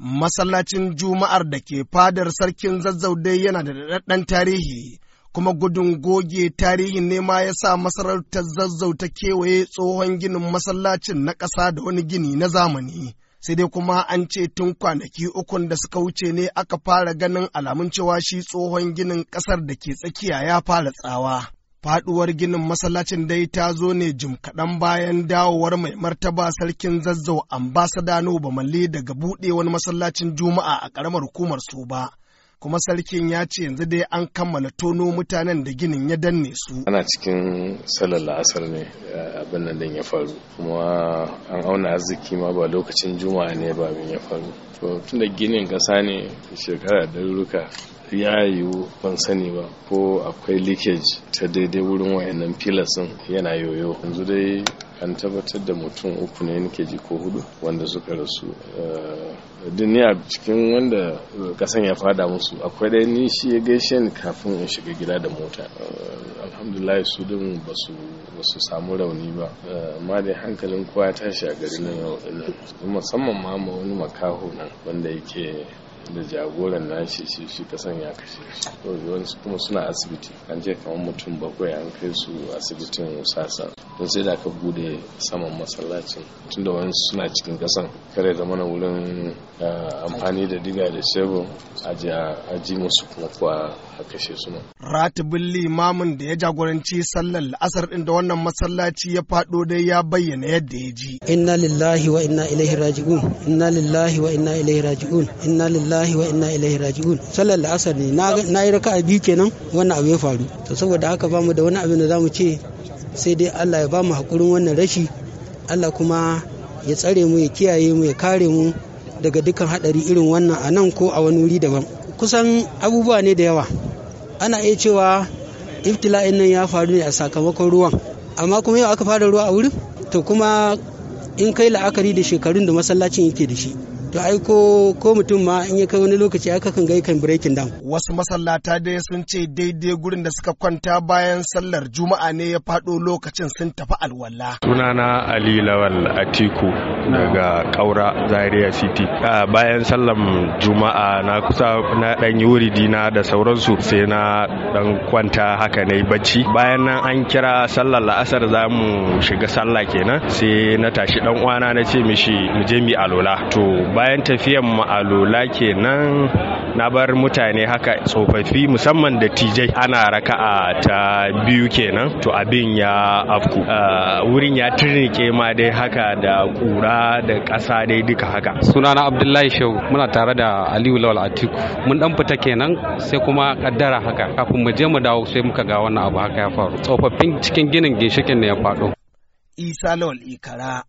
masallacin juma'ar da ke fadar sarkin zazzaudai yana da daɗaɗɗen tarihi kuma gudun goge tarihin ne ma ya sa masarautar zazzau ta kewaye tsohon ginin masallacin na ƙasa da wani gini na zamani sai dai kuma an ce tun kwanaki ukun da suka wuce ne aka fara ganin alamun cewa shi tsohon ginin ƙasar da ke tsakiya ya fara tsawa Faɗuwar ginin masallacin dai ta zo ne jim kaɗan bayan dawowar mai martaba sarkin zazzau ambasada Bamalli daga buɗe wani masallacin Juma'a a ƙaramar hukumar su ba, kuma sarkin ya ce yanzu dai an kammala tono mutanen da ginin ya danne su. Ana cikin salar la'asar ne eh, abin nan ya faru kuma an auna arziki ma ba lokacin juma'a ne ba abin ya faru. To tunda ginin kasa ne shekara da ruruka ya yiwu ban sani ba ko akwai leakage ta daidai wurin wayannan filasin yana yoyo yanzu dai an tabbatar da mutum uku ne nake ji ko hudu wanda suka rasu eh, duniya cikin wanda kasan ya fada musu akwai dai ni shi ya gaishe ni kafin in shiga gida da mota eh, alhamdulillah su din ba su samu rauni ba eh, amma dai hankalin kowa ya tashi a garin nan musamman ma wani makaho nan wanda yake da jagoran nashi shi shi kasan ya kashe shi to kuma suna asibiti an je kamar mutum bakwai an kai su asibitin sasa don sai da aka bude saman masallacin tunda wani suna cikin kasan kare da mana wurin amfani da diga da shebur a ji musu kuma kuwa a kashe su ratibin limamin da ya jagoranci sallar la'asar din da wannan masallaci ya faɗo dai ya bayyana yadda ya ji inna lillahi wa inna ilaihi raji'un inna lillahi wa inna ilaihi raji'un inna lillahi wa inna ilaihi raji'un sallar la'asar ne na yi raka'a biyu kenan wannan abu ya faru to saboda haka bamu da wani abin da zamu ce sai dai allah ya ba mu haƙurin wannan rashi allah kuma ya tsare mu ya kiyaye mu ya kare mu daga dukkan haɗari irin wannan a nan ko a wani wuri daban kusan abubuwa ne da yawa ana iya cewa iftila'in nan ya faru ne a sakamakon ruwan amma kuma yau aka fara ruwa a wurin to kuma in kai la'akari da shekarun da masallacin yake da shi to ai ko ko mutum ma in ya kai wani lokaci aka kan ga kan breaking down wasu masallata dai sun ce daidai gurin da suka kwanta bayan sallar juma'a ne ya faɗo lokacin sun tafi alwala sunana ali lawal atiku daga kaura zaria city bayan sallar juma'a na kusa na dan yi dina da sauransu sai na dan kwanta haka na bacci bayan nan an kira sallar la'asar za mu shiga sallah kenan sai na tashi dan uwana na ce mishi mu je mi alola to bayan tafiyan mu a kenan na bar mutane haka tsofaffi musamman da tj ana raka'a ta biyu kenan to abin ya afku wurin ya turnike ma dai haka da kura da ƙasa dai duka haka sunana abdullahi shehu muna tare da aliyu lawal atiku mun dan fita kenan sai kuma kaddara haka kafin mu je mu dawo sai muka ga wannan abu haka ya faru tsofaffin cikin ginin ginshikin ne ya faɗo isa lawal ikara